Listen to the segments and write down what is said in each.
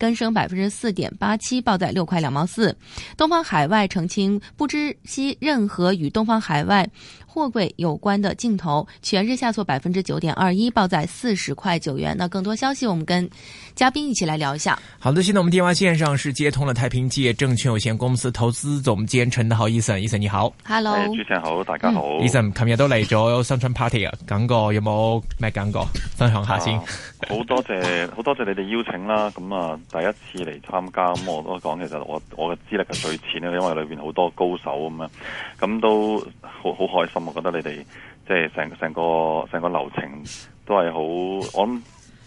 更升百分之四點八七，報在六塊兩毛四。東方海外澄清，不知悉任何與東方海外貨櫃有關的鏡頭。全日下挫百分之九點二一，報在四十塊九元。那更多消息，我們跟嘉賓一起來聊一下。好的，現在我們電話線上是接通了太平洋證券有限公司投資總監陳德豪，Eason，Eason 你好。Hello，主持人好，大家好。Eason，琴日都嚟 join 上傳 party 啊，感覺有冇咩感覺？分享下先、啊。好多謝，好多謝你哋邀請啦，咁啊。第一次嚟參加，咁我都講，其實我我嘅資歷係最淺啦，因為裏面好多高手咁樣，咁都好好開心。我覺得你哋即係成成個成個流程都係好，我諗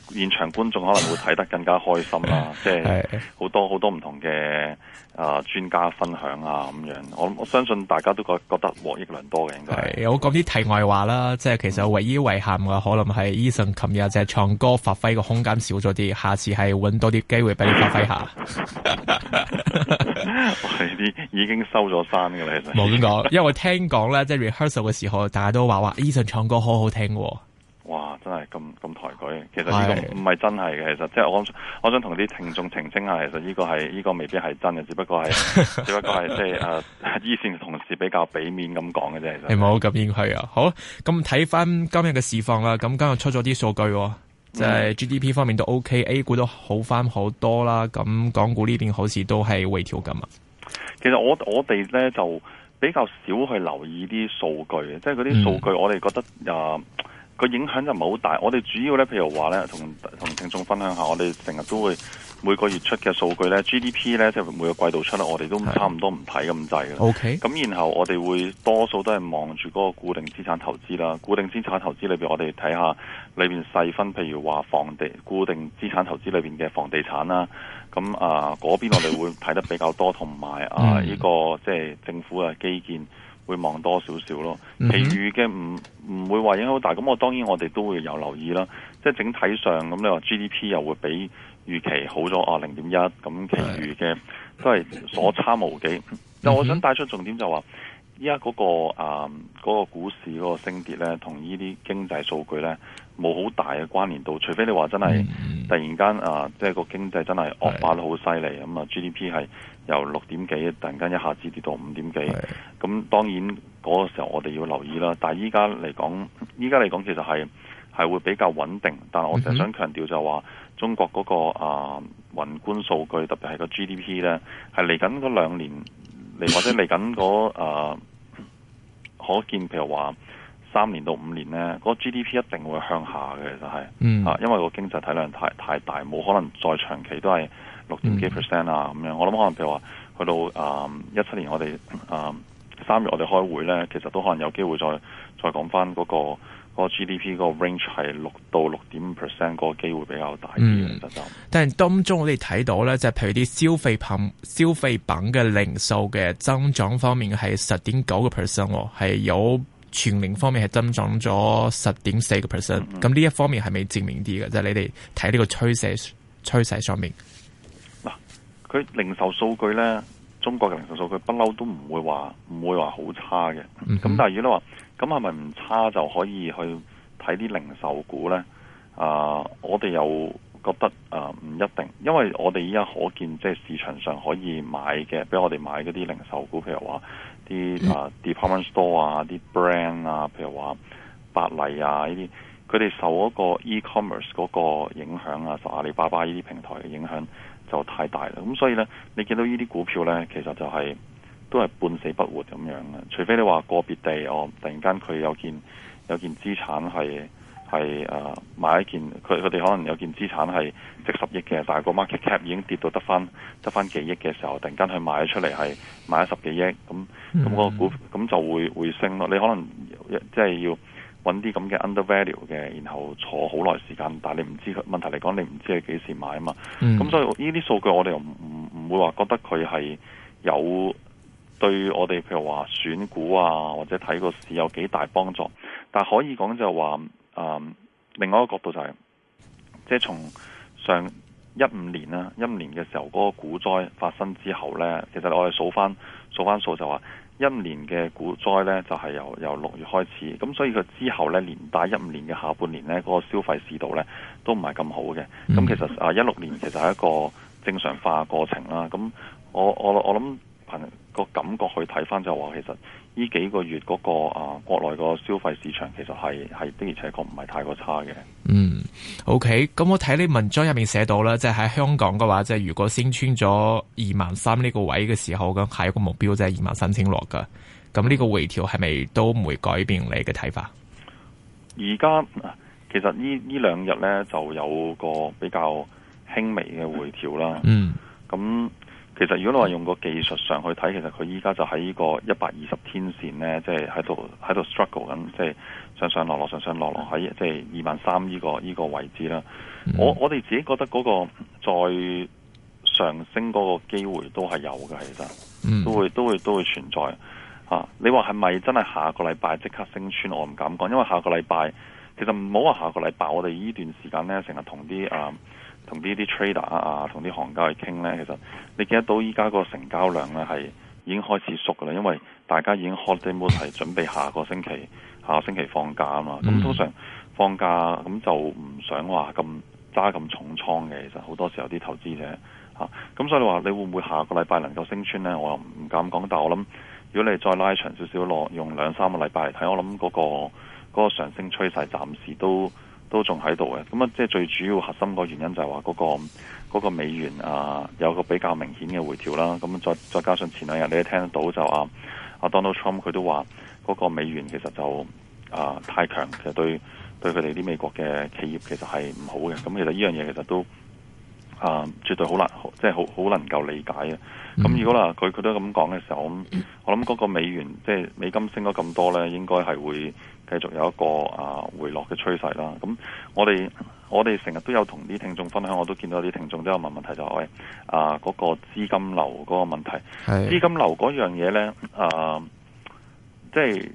現場觀眾可能會睇得更加開心啦、啊， 即係好多好多唔同嘅、呃、專家分享啊咁樣，我我相信大家都覺得覺得獲益良多嘅應該。我講啲題外話啦，即係其實唯一遺憾嘅可能係 Eason 琴日即係唱歌發揮嘅空間少咗啲，下次係搵多啲機會俾你發揮下。我 啲 已經收咗山嘅啦，其實。冇點講，因為我聽講咧，即係 rehearsal 嘅時候，大家都話話 Eason 唱歌好好聽、啊。唔係真係嘅，其實即係我我想同啲聽眾澄清下，其實呢個係呢、這個未必係真嘅，只不過係 只不過係即係誒，一、呃、前同事比較俾面咁講嘅啫。係好，咁應該啊。好，咁睇翻今日嘅市況啦。咁今日出咗啲數據，即、就、係、是、GDP 方面都 OK，A 股、嗯、都好翻好多啦。咁港股呢邊好似都係回調咁啊。其實我我哋咧就比較少去留意啲數據，即係嗰啲數據我哋覺得誒。嗯呃個影響就唔係好大，我哋主要咧，譬如話咧，同同聽眾分享下，我哋成日都會每個月出嘅數據咧，GDP 咧，即係每個季度出啦，我哋都差唔多唔睇咁滯嘅。OK，咁然後我哋會多數都係望住嗰個固定資產投資啦，固定資產投資裏邊我哋睇下裏邊細分，譬如話房地固定資產投資裏邊嘅房地產啦，咁啊嗰邊我哋會睇得比較多，同 埋啊呢個即係、就是、政府嘅基建。會望多少少咯，其餘嘅唔唔會話影響好大。咁我當然我哋都會有留意啦。即係整體上咁，你話 G D P 又會比預期好咗啊零點一咁，其餘嘅都係所差無幾。但 我想帶出重點就話，依家嗰個啊嗰個股市嗰個升跌咧，同呢啲經濟數據咧冇好大嘅關聯度。除非你話真係 突然間啊，即係個經濟真係惡化得好犀利咁啊，G D P 係。 由六點幾突然間一下子跌到五點幾，咁當然嗰個時候我哋要留意啦。但係依家嚟講，依家嚟講其實係係會比較穩定。但係我成日想強調就話中國嗰、個啊、呃、宏觀數據，特別係個 GDP 呢，係嚟緊嗰兩年，或者嚟緊嗰啊，可見譬如話三年到五年呢，嗰、那個、GDP 一定會向下嘅，就係、是嗯、啊，因為個經濟體量太太大，冇可能再長期都係。六點幾 percent 啊，咁、嗯、樣我諗可能譬如話去到啊一七年我們，我哋啊三月我哋開會咧，其實都可能有機會再再講翻嗰、那個、那個 G D P 個 range 係六到六點 percent 嗰個機會比較大啲嘅、嗯就是。但係當中我哋睇到咧，就係、是、譬如啲消費品、消費品嘅零售嘅增長方面係十點九個 percent，係有全年方面係增長咗十點四個 percent。咁呢、嗯、一方面係咪正面啲嘅？即、就、係、是、你哋睇呢個趨勢趨勢上面。佢零售數據呢，中國嘅零售數據不嬲都唔會話，唔會話好差嘅。咁、嗯、但係如果你話，咁係咪唔差就可以去睇啲零售股呢？啊，我哋又覺得啊，唔一定，因為我哋依家可見，即係市場上可以買嘅，俾我哋買嗰啲零售股，譬如話啲、嗯、啊 department store 啊，啲 brand 啊，譬如話百麗啊呢啲，佢哋受嗰個 e-commerce 嗰個影響啊，受阿里巴巴呢啲平台嘅影響。就太大啦，咁所以呢，你見到呢啲股票呢，其實就係、是、都係半死不活咁樣啦。除非你話個別地哦，突然間佢有件有件資產係係誒買一件，佢佢哋可能有件資產係值十億嘅，但係個 market cap 已經跌到得翻得翻幾億嘅時候，突然間佢賣咗出嚟，係賣咗十幾億，咁咁嗰個股咁就會會升咯。你可能即係、就是、要。揾啲咁嘅 undervalue 嘅，然後坐好耐時間，但你唔知問題嚟講，你唔知係幾時買啊嘛。咁、嗯、所以呢啲數據我哋又唔唔唔會話覺得佢係有對我哋譬如話選股啊，或者睇個市有幾大幫助。但可以講就話、嗯，另外一個角度就係、是，即係從上一五年啦，一五年嘅時候嗰個股災發生之後呢，其實我哋數翻數翻數就話。一五年嘅股災呢，就係、是，由由六月開始，咁所以佢之後呢連帶一五年嘅下半年呢，嗰，那個消費市道呢，都唔係咁好嘅。咁其實啊，一六年其實係一個正常化過程啦。咁我我我諗憑個感覺去睇返就話其實。呢幾個月嗰個啊，國內個消費市場其實係係的而且確唔係太過差嘅。嗯，OK，咁我睇你文章入面寫到啦，即係喺香港嘅話，即係如果升穿咗二萬三呢個位嘅時候，咁下一個目標就係二萬三千落嘅。咁呢個回調係咪都唔會改變你嘅睇法？而家其實這這天呢呢兩日咧就有一個比較輕微嘅回調啦。嗯，咁。其實如果你話用個技術上去睇，其實佢依家就喺呢個一百二十天綫呢，即係喺度喺度 struggle 緊，即係上上落落上上落落喺即係二萬三呢個呢個位置啦、mm.。我我哋自己覺得嗰個再上升嗰個機會都係有嘅，其實都會、mm. 都會都會，都會存在啊。你話係咪真係下個禮拜即刻升穿？我唔敢講，因為下個禮拜其實唔好話下個禮拜，我哋呢段時間呢，成日同啲啊。Uh, 同啲啲 trader 啊，同、啊、啲行家去傾呢，其實你見得到依家個成交量呢係已經開始縮噶啦，因為大家已經 holiday mode 係準備下個星期，下個星期放假啊嘛。咁通常放假咁就唔想話咁揸咁重倉嘅，其實好多時候啲投資者咁、啊、所以話你，你會唔會下個禮拜能夠升穿呢？我又唔敢講，但我諗如果你再拉長少少落，用兩三個禮拜嚟睇，我諗嗰、那個嗰、那個那個上升趨勢暫時都。都仲喺度嘅，咁啊，即係最主要核心個原因就係話嗰個嗰個美元啊，有個比較明顯嘅回調啦。咁再再加上前兩日你都聽得到就啊，阿、啊、Donald Trump 佢都話嗰個美元其實就啊太強，其實對對佢哋啲美國嘅企業其實係唔好嘅。咁其實呢樣嘢其實都啊絕對好難，即係好好能夠理解嘅。咁如果嗱佢佢都咁講嘅時候，我諗嗰個美元即係、就是、美金升咗咁多咧，應該係會，繼續有一個啊回落嘅趨勢啦，咁我哋我哋成日都有同啲聽眾分享，我都見到啲聽眾都有問問題就係、是、喂、哎、啊嗰、嗰個資金流嗰個問題，資金流嗰樣嘢呢？啊，即係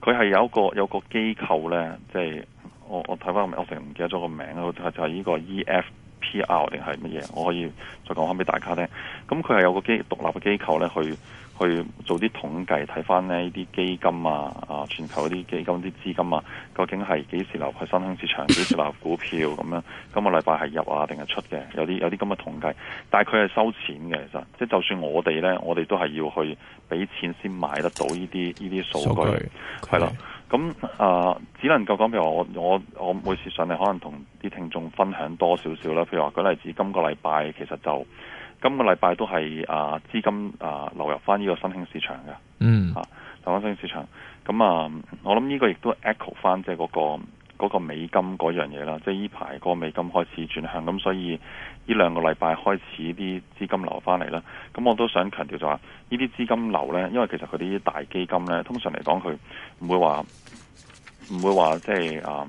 佢係有個有個機構呢。即係我我睇翻我成日唔記得咗個名就係、是、呢個 EFPR 定係乜嘢，我可以再講翻俾大家聽。咁佢係有個機獨立嘅機構呢，去。去做啲統計，睇翻呢啲基金啊，啊全球嗰啲基金啲資金啊，究竟係幾時流去新興市場，幾時流股票咁 樣？今個禮拜係入啊，定係出嘅？有啲有啲咁嘅統計，但係佢係收錢嘅，其實即係就算我哋呢，我哋都係要去俾錢先買得到呢啲呢啲數據，係、so、啦。咁啊、嗯呃，只能夠講譬如話，我我我每次上嚟，可能同啲聽眾分享多少少啦。譬如話舉例子，今個禮拜其實就。今個禮拜都係啊資金啊流入翻呢個新興市場嘅，嗯、mm. 啊台灣新興市場，咁啊我諗呢個亦都 echo 翻即係嗰個嗰、嗰個美金嗰樣嘢啦，即係呢排個美金開始轉向，咁所以呢兩個禮拜開始啲資金流翻嚟啦，咁我都想強調就話呢啲資金流呢，因為其實佢啲大基金呢，通常嚟講佢唔會話唔會話即係啊，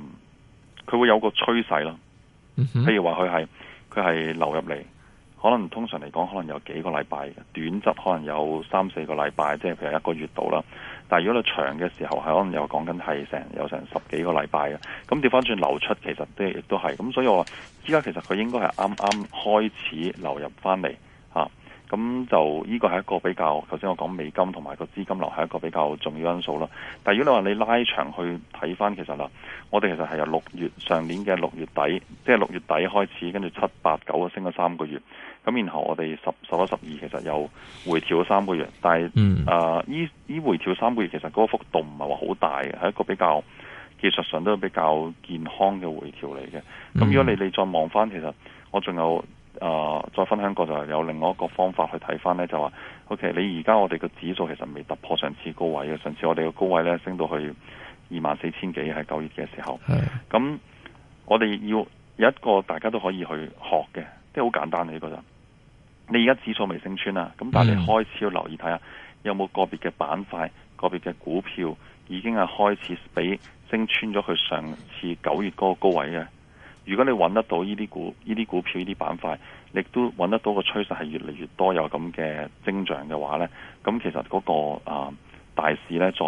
佢會有個趨勢咯，譬、mm-hmm. 如話佢係佢係流入嚟。可能通常嚟講，可能有幾個禮拜嘅短則，可能有三四個禮拜，即係譬如一個月度啦。但係如果你長嘅時候，可能又講緊係成有成十幾個禮拜嘅。咁調翻轉流出，其實都亦都係。咁所以我話依家其實佢應該係啱啱開始流入翻嚟。咁就呢、這個係一個比較。頭先我講美金同埋個資金流係一個比較重要因素啦。但係如果你話你拉長去睇翻，其實啦，我哋其實係由六月上年嘅六月底，即係六月底開始，跟住七八九啊升咗三個月。咁然後我哋十十一十二其實有回調咗三個月，但係呢、嗯呃、回調三個月其實嗰個幅度唔係話好大嘅，係一個比較技術上都比較健康嘅回調嚟嘅。咁如果你你再望翻，其實我仲有、呃、再分享過就係有另外一個方法去睇翻咧，就話 OK 你而家我哋個指數其實未突破上次高位嘅，上次我哋嘅高位咧升到去二萬四千幾係九月嘅時候，咁、嗯、我哋要有一個大家都可以去學嘅，即係好簡單你覺得？你而家指數未升穿啊，咁但係你開始要留意睇下，有冇個別嘅板塊、個別嘅股票已經係開始俾升穿咗佢上次九月嗰個高位嘅。如果你揾得到呢啲股、呢啲股票、呢啲板塊，你都揾得到個趨勢係越嚟越多有咁嘅增長嘅話呢，咁其實嗰個啊、呃、大市呢，在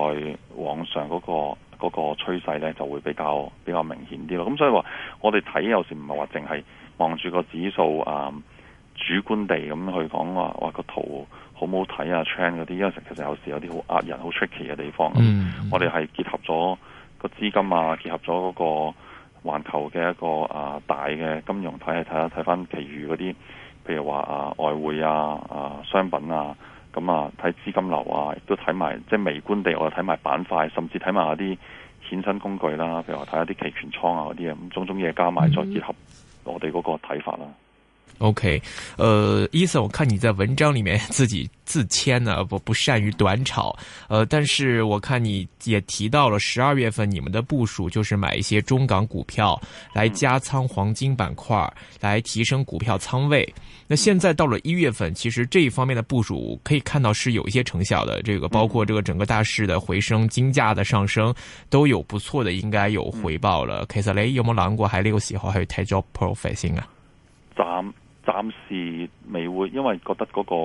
往上嗰個嗰個趨勢呢就會比較比較明顯啲咯。咁所以話我哋睇有時唔係話淨係望住個指數啊。呃主觀地咁去講話，話個圖好冇睇啊，trend 嗰啲，因為其實有時有啲好呃人、好 tricky 嘅地方。嗯、mm -hmm.，我哋係結合咗個資金啊，結合咗嗰個環球嘅一個啊大嘅金融體，睇下睇翻其餘嗰啲，譬如話啊外匯啊、啊商品啊，咁啊睇資金流啊，亦都睇埋即係微觀地，我睇埋板塊，甚至睇埋嗰啲衍生工具啦，譬如話睇下啲期權倉啊嗰啲啊，咁種種嘢加埋再結合我哋嗰個睇法啦。Mm -hmm. OK，呃，伊森，我看你在文章裏面自己自謙呢、啊，不不善於短炒，呃，但是我看你也提到了十二月份你們的部署就是買一些中港股票來加倉黃金板塊，來提升股票倉位。那現在到了一月份，其實這一方面的部署可以看到是有一些成效的。這個包括這個整個大市的回升，金價的上升都有不錯的，應該有回報了。其實你有冇諗過喺呢個時候，還有 take profit 先啊？暫時未會，因為覺得嗰個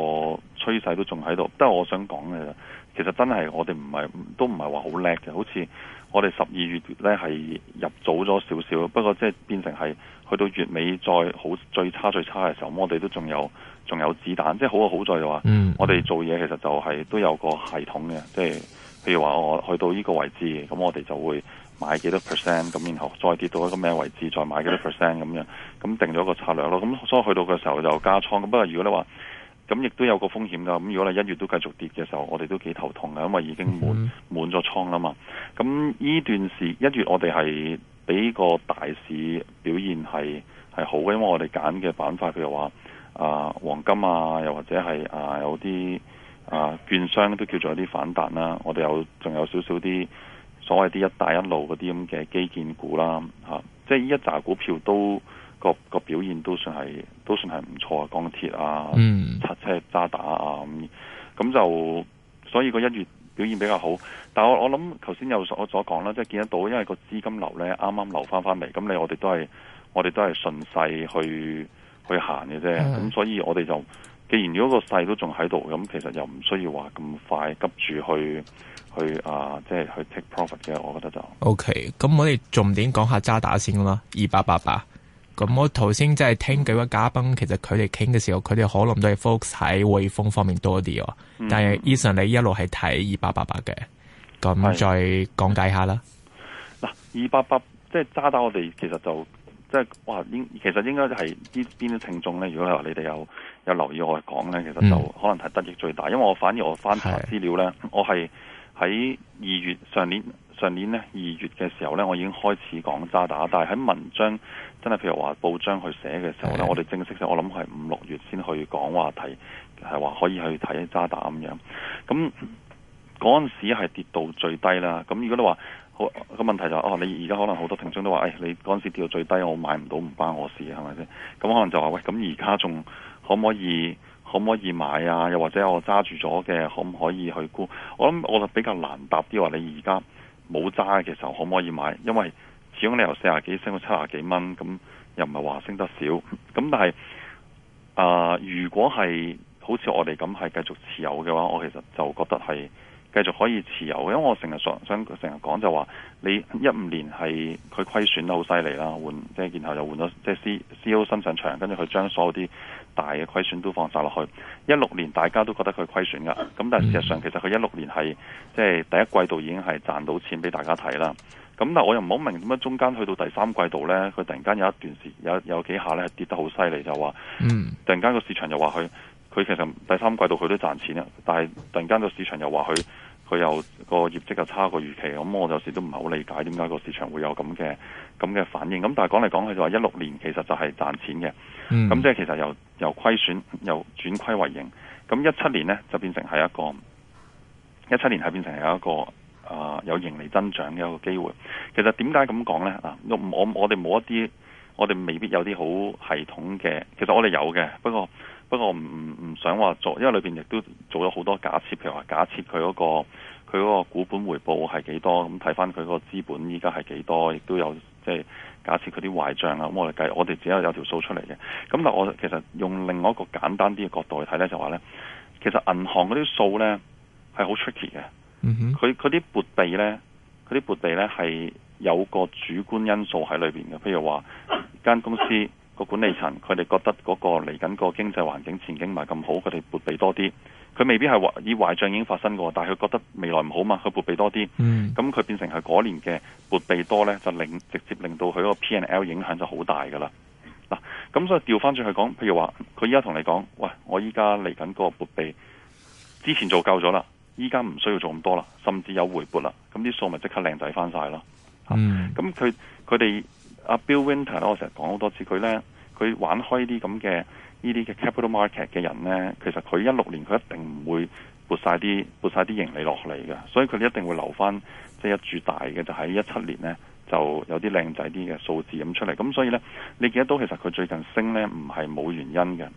趨勢都仲喺度。不過我想講嘅，其實真係我哋唔係都唔係話好叻嘅。好似我哋十二月咧係入早咗少少，不過即係變成係去到月尾再好最差最差嘅時候，我哋都仲有仲有子彈。即係好就好在嘅話，嗯、我哋做嘢其實就係、是、都有個系統嘅。即係譬如話我去到呢個位置，咁我哋就會。買幾多 percent 咁，然後再跌到一個咩位置，再買幾多 percent 咁樣，咁定咗個策略咯。咁所以去到嘅時候就加倉。咁不過如果你話咁，亦都有個風險㗎。咁如果你一月都繼續跌嘅時候，我哋都幾頭痛嘅，因為已經滿滿咗倉啦嘛。咁呢段時一月我哋係俾個大市表現係係好嘅，因為我哋揀嘅板塊，譬如話啊黃金啊，又或者係啊、呃、有啲啊、呃、券商都叫做有啲反彈啦、啊。我哋有仲有少少啲。所謂啲一帶一路嗰啲咁嘅基建股啦，嚇、啊，即係依一扎股票都個個表現都算係都算係唔錯，鋼鐵啊，嗯，拆車揸打啊咁，咁就所以個一月表現比較好。但係我我諗頭先又所所講啦，即係見得到，因為個資金流咧啱啱流翻翻嚟，咁你我哋都係我哋都係順勢去去行嘅啫，咁、mm. 嗯、所以我哋就。既然如果個勢都仲喺度，咁其實又唔需要話咁快急住去去啊，即、呃、係、即係、去 take profit 嘅，我覺得就 OK。咁我哋重點講下渣打先啦，二八八八。咁我頭先即係聽幾位嘉賓，其實佢哋傾嘅時候，佢哋可能都係 focus 喺匯豐方面多啲，喔嗯。但係 Ethan 你一路係睇二八八八嘅，咁再講解下啦。嗱，二八八即係渣打，我哋其實就。即係哇，應其實應該係啲邊啲聽眾呢？如果你話你哋有有留意我講呢，其實就可能係得益最大。因為我反而我翻查資料呢，是我係喺二月上年上年呢，二月嘅時候呢，我已經開始講渣打，但係喺文章真係譬如話報章去寫嘅時候呢，的我哋正式上，我諗係五六月先去講話睇，係話可以去睇渣打咁樣。咁嗰陣時係跌到最低啦。咁如果你話，好個問題就係、是，哦，你而家可能好多聽眾都話，誒、哎，你嗰陣時跌到最低，我買唔到唔關我事嘅，係咪先？咁可能就話，喂，咁而家仲可唔可以，可唔可以買啊？又或者我揸住咗嘅，可唔可以去沽？我諗我就比較難答啲話，你而家冇揸嘅時候可唔可以買？因為始終你由四十幾升到七十幾蚊，咁又唔係話升得少。咁但係啊、呃，如果係好似我哋咁係繼續持有嘅話，我其實就覺得係。繼續可以持有因為我成日想成日講就話你一五年係佢虧損得好犀利啦，換即係然後又換咗即係 CEO 新上場，跟住佢將所有啲大嘅虧損都放晒落去。一六年大家都覺得佢虧損噶，咁但係事實上其實佢一六年係即係第一季度已經係賺到錢俾大家睇啦。咁但係我又唔好明點解中間去到第三季度呢，佢突然間有一段時有有幾下呢跌得好犀利，就話突然間個市場又話佢佢其實第三季度佢都賺錢啦，但係突然間個市場又話佢。佢有個業績又差過預期，咁、嗯、我有時都唔係好理解點解個市場會有咁嘅咁嘅反應。咁、嗯嗯、但係講嚟講去，就話一六年其實就係賺錢嘅，咁即係其實由由虧損由轉虧為盈。咁一七年呢，就變成係一個一七年係變成係一個啊、呃、有盈利增長嘅一個機會。其實點解咁講呢？啊，我我我哋冇一啲我哋未必有啲好系統嘅，其實我哋有嘅，不過。我不過唔唔想話做，因為裏邊亦都做咗好多假設，譬如話假設佢嗰、嗰個佢嗰個股本回報係幾多，咁睇翻佢個資本依家係幾多，亦都有即係、即係、假設佢啲壞賬啦。咁我哋計，我哋只有有條數出嚟嘅。咁但係我其實用另外一個簡單啲嘅角度去睇咧，就話、係、咧，其實銀行嗰啲數咧係好 tricky 嘅。佢、mm、-hmm. 佢啲撥備咧，佢啲撥備咧係有個主觀因素喺裏邊嘅，譬如話間公司。個管理層佢哋覺得嗰個嚟緊個經濟環境前景唔係咁好，佢哋撥備多啲，佢未必係壞以壞賬已經發生過，但係佢覺得未來唔好嘛，佢撥備多啲，咁、嗯、佢變成係嗰年嘅撥備多呢，就令直接令到佢個 P n L 影響就好大噶啦。嗱、啊，咁所以調翻轉去講，譬如話佢依家同你講，喂，我依家嚟緊個撥備，之前做夠咗啦，依家唔需要做咁多啦，甚至有回撥啦，咁啲數咪即刻靚仔翻晒咯。咁佢佢哋。啊阿 Bill Winter 咧，我成日講好多次，佢咧佢玩開啲咁嘅呢啲嘅 capital market 嘅人咧，其實佢一六年佢一定唔會撥晒啲撥晒啲盈利落嚟嘅，所以佢一定會留翻即係一注大嘅，就喺一七年咧就有啲靚仔啲嘅數字咁出嚟，咁所以咧你記得到其實佢最近升咧唔係冇原因嘅，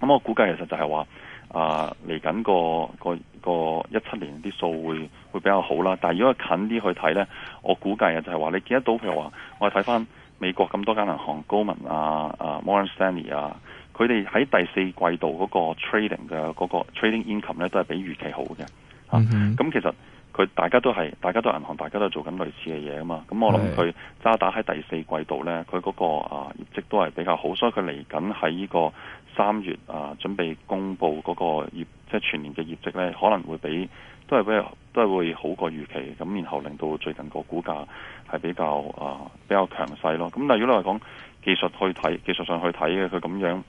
咁我估計其實就係話啊嚟緊個。個個一七年啲數會會比較好啦，但係如果近啲去睇呢，我估計啊，就係話你見得到譬如話，我哋睇翻美國咁多間銀行，高盛啊啊，Morgan Stanley 啊，佢哋喺第四季度嗰個 trading 嘅嗰、嗰個 trading income 呢，都係比預期好嘅。咁、啊 mm -hmm. 嗯嗯、其實佢大家都係，大家都係銀行，大家都係做緊類似嘅嘢啊嘛。咁我諗佢渣打喺第四季度呢，佢、mm、嗰 -hmm. 嗰個啊業績都係比較好，所以佢嚟緊喺呢個。三月啊，準備公布嗰個業，即係、就是、全年嘅業績咧，可能會比都係比都係會好過預期，咁然後令到最近個股價係比較啊比較強勢咯。咁但係如果你嚟講技術去睇，技術上去睇嘅，佢咁樣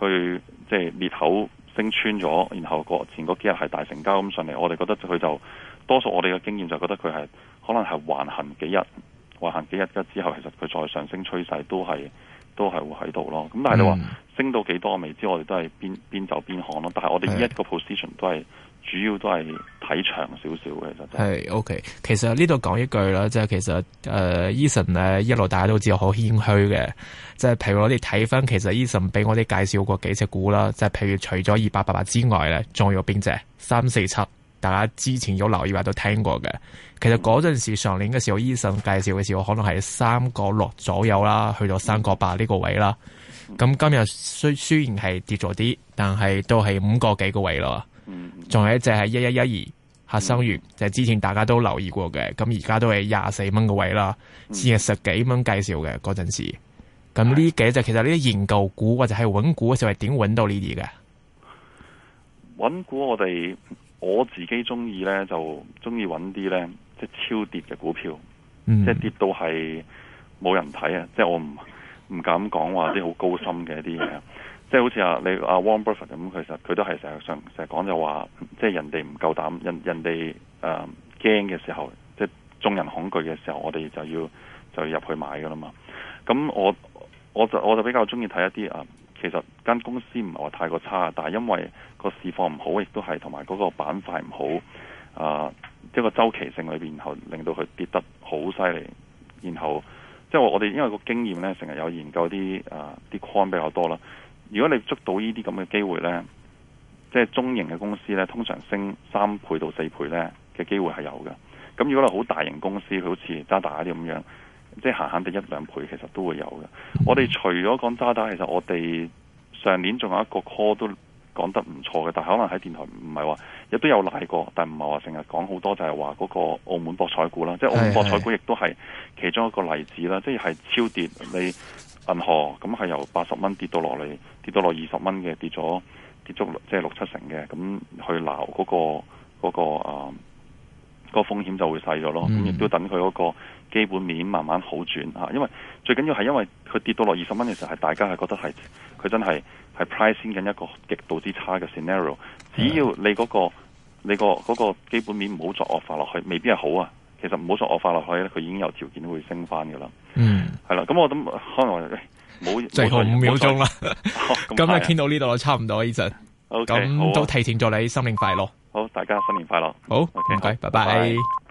去即係裂口升穿咗，然後個前嗰幾日係大成交咁上嚟，我哋覺得佢就多數我哋嘅經驗就覺得佢係可能係橫行幾日，橫行幾日之後，其實佢再上升趨勢都係。都係會喺度咯，咁但係你話升到幾多我未知，我哋都係邊邊走邊看咯。但係我哋呢一個 position 都係主要都係睇長少少嘅，其實係 OK。其實呢度講一句啦，即係其實誒，Eason 咧，一路大家都知我好謙虛嘅。即係譬如我哋睇翻，其實 Eason 俾我哋介紹過幾隻股啦，即係譬如除咗二百八八之外咧，仲有邊隻？三四七。大家之前有留意或者都聽過嘅，其實嗰陣時上年嘅時候，醫生介紹嘅時候可能係三個六左右啦，去到三個八呢個位啦。咁、嗯、今日雖雖然係跌咗啲，但係都係五個幾個位咯。仲、嗯嗯、有一隻係一一一二，合生元、嗯、就係、是、之前大家都留意過嘅，咁而家都係廿四蚊個位啦，先、嗯、係十幾蚊介紹嘅嗰陣時。咁呢幾隻其實呢啲研究股或者係揾股嘅時候係點揾到呢啲嘅？揾股我哋。我自己中意咧，就中意揾啲咧，即係超跌嘅股票，嗯、即係跌到係冇人睇啊！即係我唔唔敢講話啲好高深嘅一啲嘢，即係好似啊你阿 Warren Buffett 咁，其實佢都係實際上成日講就話，即係人哋唔夠膽，人人哋誒驚嘅時候，即係眾人恐懼嘅時候，我哋就要就要入去買噶啦嘛。咁我我就我就比較中意睇一啲啊。呃其實間公司唔係話太過差，但係因為個市況唔好，亦都係同埋嗰個板塊唔好，啊、呃、一、這個周期性裏邊，然後令到佢跌得好犀利。然後即係、就是、我哋因為個經驗呢，成日有研究啲啊啲 con 比較多啦。如果你捉到呢啲咁嘅機會呢，即係中型嘅公司呢，通常升三倍到四倍呢嘅機會係有嘅。咁如果你好大型公司，佢好似渣打啲咁樣。即係閒閒哋一兩倍，其實都會有嘅、嗯。我哋除咗講渣打，其實我哋上年仲有一個 call 都講得唔錯嘅，但係可能喺電台唔係話，亦都有賴過，但唔係話成日講好多，就係話嗰個澳門博彩股啦，即係澳門博彩股亦都係其中一個例子啦。即係超跌，你銀河咁係由八十蚊跌到落嚟，跌到落二十蚊嘅，跌咗跌足即係六七成嘅，咁去鬧嗰、嗰個嗰、嗰個呃個風險就會細咗咯，咁亦都等佢嗰個基本面慢慢好轉嚇。因為最緊要係因為佢跌到落二十蚊嘅時候，係大家係覺得係佢真係係 pricing 緊一個極度之差嘅 scenario、嗯。只要你嗰個、你嗰個、嗰個基本面唔好作惡化落去，未必係好啊。其實唔好作惡化落去咧，佢已經有條件會升翻噶啦。嗯，係啦。咁我諗可能冇最後五秒鐘啦。咁啊，傾 哦、 到呢度啦，我差唔多呢陣。咁、okay，啊、都提前祝你新年快樂，好，大家新年快樂，好，多謝，拜拜。拜拜拜拜。